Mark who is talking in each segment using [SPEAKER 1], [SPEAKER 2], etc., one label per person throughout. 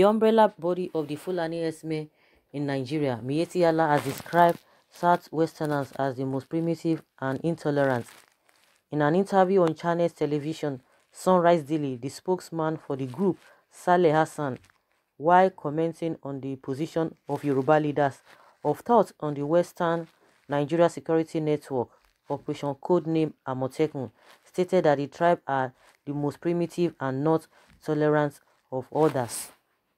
[SPEAKER 1] The umbrella body of the Fulani Esme in Nigeria, Miyetti Allah has described Southwesterners as the most primitive and intolerant. In an interview on Chinese Television, Sunrise Daily, the spokesman for the group, Saleh Hassan, while commenting on the position of Yoruba leaders of thought on the Western Nigeria Security Network, Operation Codename Amotekun, stated that the tribe are the most primitive and not tolerant of others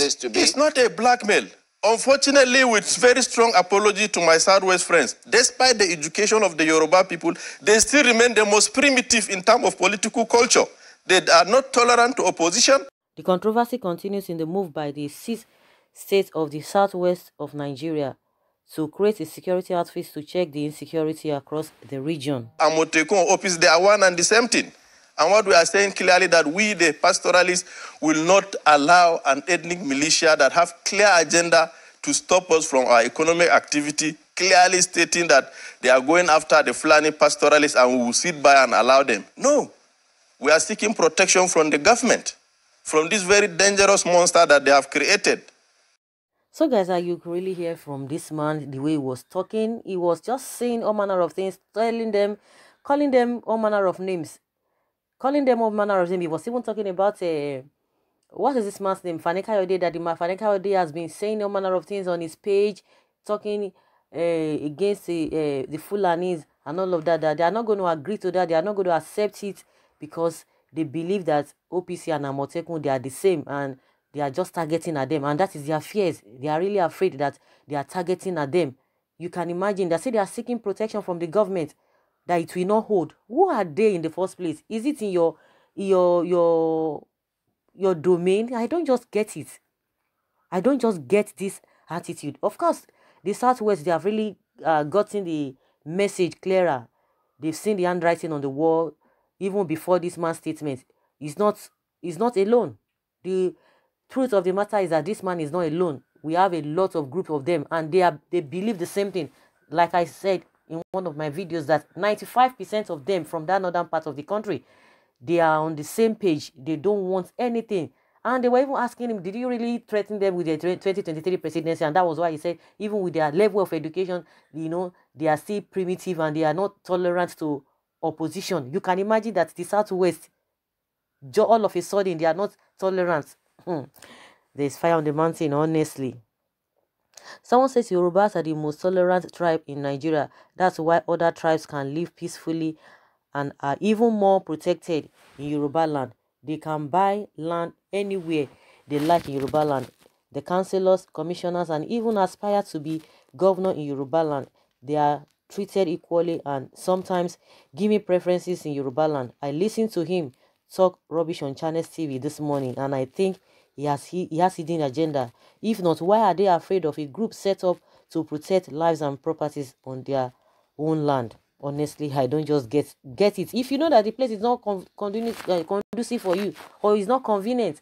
[SPEAKER 1] this to be? It's not a blackmail. Unfortunately, with very strong apology to my Southwest friends, despite the education of the Yoruba people, they still remain the most primitive in terms of political culture. They are not tolerant to opposition. The controversy continues in the move by the six states of the southwest of Nigeria to create a security outfit to check the insecurity across the region. Amotekun, Opis, they are one and the same thing. And what we are saying clearly that we, the pastoralists, will not allow an ethnic militia that have clear agenda to stop us from our economic activity, clearly stating that they are going after the Fulani pastoralists and we will sit by and allow them. No, we are seeking protection from the government, from this very dangerous monster that they have created. So guys, you really hear from this man the way he was talking. He was just saying all manner of things, telling them, calling them all manner of names calling them all manner of things. He was even talking about a. Uh, what is this man's name? Fanekayode that the Fanekayode has been saying all manner of things on his page, talking uh, against the uh, the Fulanis and all of that. That they are not going to agree to that. They are not going to accept it because they believe that OPC and Amotekun they are the same and they are just targeting at them. And that is their fears. They are really afraid that they are targeting at them. You can imagine. They say they are seeking protection from the government that it will not hold. Who are they in the first place? Is it in your your your your domain? I don't just get it. I don't just get this attitude. Of course, the Southwest they have really uh, gotten the message clearer. They've seen the handwriting on the wall even before this man's statement. He's not he's not alone. The truth of the matter is that this man is not alone. We have a lot of group of them, and they are they believe the same thing. Like I said in one of my videos that 95% of them from that northern part of the country, they are on the same page. They don't want anything. And they were even asking him, did you really threaten them with the 2023 presidency? And that was why he said, even with their level of education, you know, they are still primitive and they are not tolerant to opposition. You can imagine that the Southwest, all of a sudden, they are not tolerant. Hmm. There's fire on the mountain, honestly. Someone says Yorubas are the most tolerant tribe in Nigeria. That's why other tribes can live peacefully and are even more protected in Yoruba land. They can buy land anywhere they like in Yoruba land. The councillors, commissioners, and even aspire to be governor in Yoruba land. They are treated equally and sometimes give me preferences in Yoruba land. I listened to him talk rubbish on Chinese TV this morning and I think he has, he, he has hidden agenda. If not, why are they afraid of a group set up to protect lives and properties on their own land? Honestly, I don't just get get it. If you know that the place is not con uh, conducive for you or is not convenient,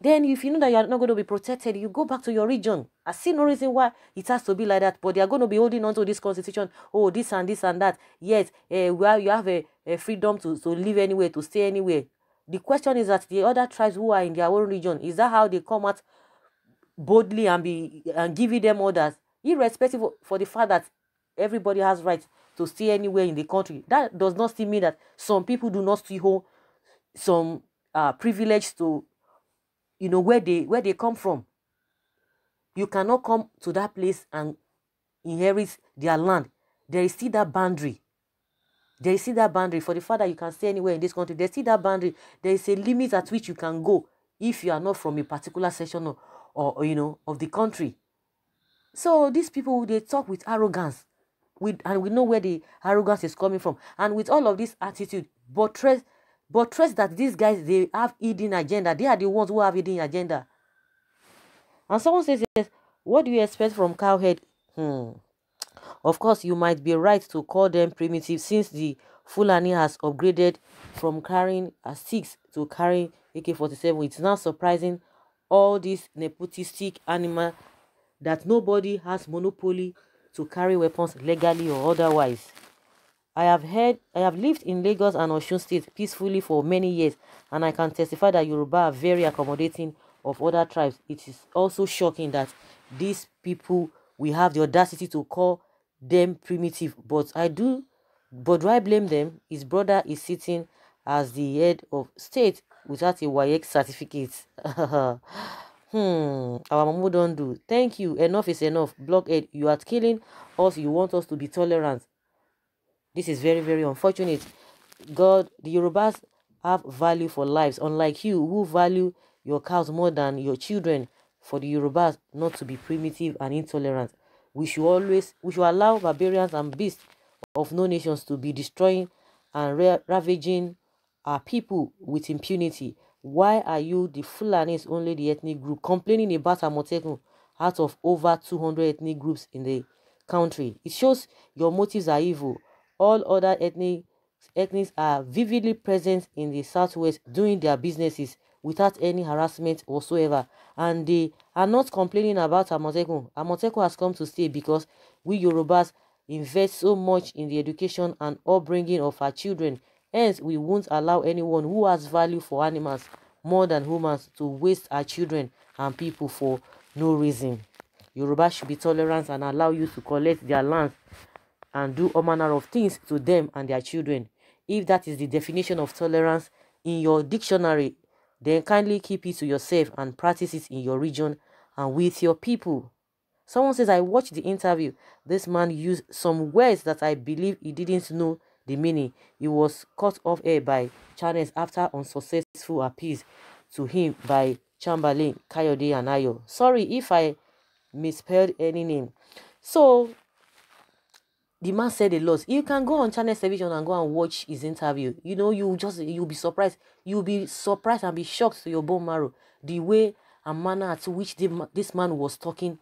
[SPEAKER 1] then if you know that you are not going to be protected, you go back to your region. I see no reason why it has to be like that. But they are going to be holding on to this constitution. Oh, this and this and that. Yes, uh, eh, well, you have a, a freedom to, to live anywhere, to stay anywhere. The question is that the other tribes who are in their own region, is that how they come out boldly and be and giving them orders, irrespective of, for the fact that everybody has right to stay anywhere in the country? That does not still mean that some people do not still hold some uh, privilege to, you know, where they where they come from. You cannot come to that place and inherit their land. There is still that boundary they see that boundary. For the father. you can stay anywhere in this country, they see that boundary. There is a limit at which you can go if you are not from a particular section or, or you know of the country. So these people they talk with arrogance. With, and we know where the arrogance is coming from. And with all of this attitude, buttress buttress that these guys they have hidden agenda. They are the ones who have hidden agenda. And someone says, yes, what do you expect from cowhead? Hmm. Of course, you might be right to call them primitive since the Fulani has upgraded from carrying a 6 to carrying AK-47. It's not surprising all these nepotistic animal that nobody has monopoly to carry weapons legally or otherwise. I have heard I have lived in Lagos and Osun State peacefully for many years and I can testify that Yoruba are very accommodating of other tribes. It is also shocking that these people we have the audacity to call them primitive. But I do, but do I blame them? His brother is sitting as the head of state without a YX certificate. Hmm, our mamu don't do. Thank you. Enough is enough. Blockhead, you are killing us. You want us to be tolerant. This is very, very unfortunate. God, the Yorubas have value for lives, unlike you who value your cows more than your children for the Yorubas not to be primitive and intolerant. We should always we should allow barbarians and beasts of no nations to be destroying and ravaging our people with impunity. Why are you, the Fulanis, only the ethnic group, complaining about Amoteku out of over 200 ethnic groups in the country? It shows your motives are evil. All other ethnic ethnics are vividly present in the southwest doing their businesses without any harassment whatsoever. And they are not complaining about Amoteko. Amoteko has come to stay because we Yorubas invest so much in the education and upbringing of our children. Hence, we won't allow anyone who has value for animals more than humans to waste our children and people for no reason. Yoruba should be tolerant and allow you to collect their lands and do all manner of things to them and their children. If that is the definition of tolerance in your dictionary, then kindly keep it to yourself and practice it in your region and with your people. Someone says, I watched the interview. This man used some words that I believe he didn't know the meaning. He was cut off air by channels after unsuccessful appeals to him by Chamberlain, Kayode, and Ayo. Sorry if I misspelled any name. So the man said a lot. You can go on channel television and go and watch his interview. You know, you just you'll be surprised. You'll be surprised and be shocked to your bone marrow the way and manner at which the, this man was talking.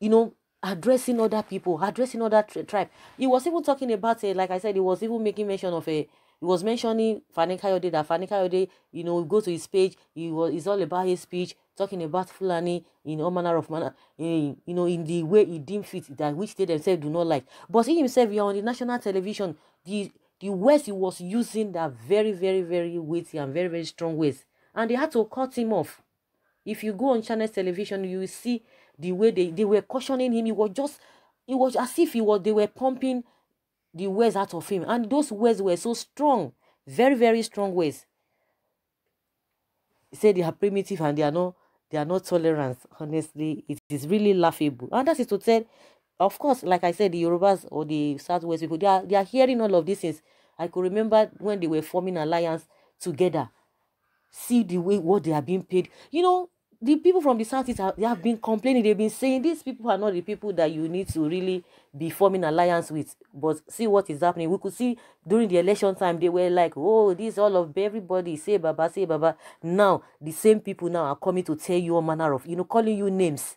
[SPEAKER 1] You know, addressing other people, addressing other tri tribe. He was even talking about it. Like I said, he was even making mention of a. He was mentioning Fani Kayode that Fani Kayode, you know, go to his page. He was. It's all about his speech talking about Fulani in all manner of manner, in, eh, you know, in the way he deemed fit that which they themselves do not like. But he himself, here on the national television, the the words he was using that very, very, very weighty and very, very strong ways, and they had to cut him off. If you go on channel television, you will see the way they, they were cautioning him. It was just, it was as if he was they were pumping the words out of him, and those words were so strong, very, very strong words. He said they are primitive and they are not there are no tolerance. Honestly, it is really laughable. And that is to tell, of course, like I said, the Yorubas or the Southwest people, they are, they are hearing all of these things. I could remember when they were forming alliance together. See the way what they are being paid. You know, the people from the southeast have, they have been complaining they've been saying these people are not the people that you need to really be forming alliance with but see what is happening we could see during the election time they were like oh this all of everybody say baba say baba now the same people now are coming to tell you all manner of you know calling you names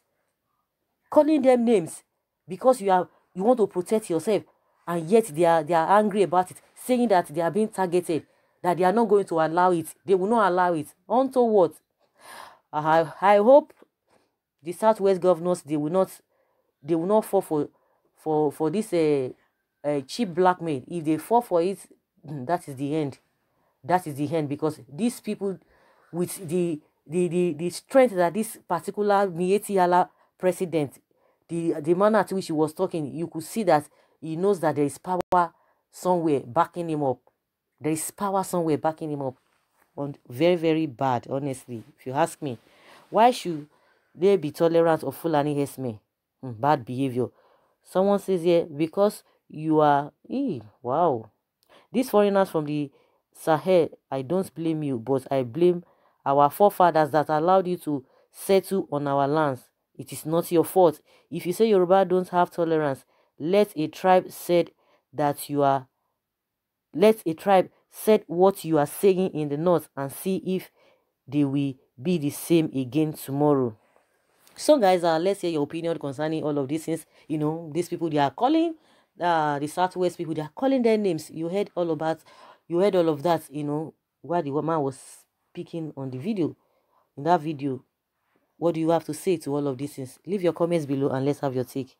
[SPEAKER 1] calling them names because you are you want to protect yourself and yet they are they are angry about it saying that they are being targeted that they are not going to allow it they will not allow it until what I, I hope the Southwest governors they will not they will not fall for for for this uh, uh, cheap blackmail. If they fall for it, hmm, that is the end. That is the end because these people with the the the, the strength that this particular Mietiala president, the the manner at which he was talking, you could see that he knows that there is power somewhere backing him up. There is power somewhere backing him up very, very bad, honestly. If you ask me, why should they be tolerant of Fulani herdsmen? me hmm, bad behavior. Someone says here, because you are... Ee, wow. These foreigners from the Sahel, I don't blame you, but I blame our forefathers that allowed you to settle on our lands. It is not your fault. If you say Yoruba don't have tolerance, let a tribe said that you are... Let a tribe said what you are saying in the north and see if they will be the same again tomorrow. So, guys, uh, let's hear your opinion concerning all of these things. You know, these people they are calling uh, the Southwest people, they are calling their names. You heard all about, you heard all of that, you know, while the woman was speaking on the video. In that video, what do you have to say to all of these things? Leave your comments below and let's have your take.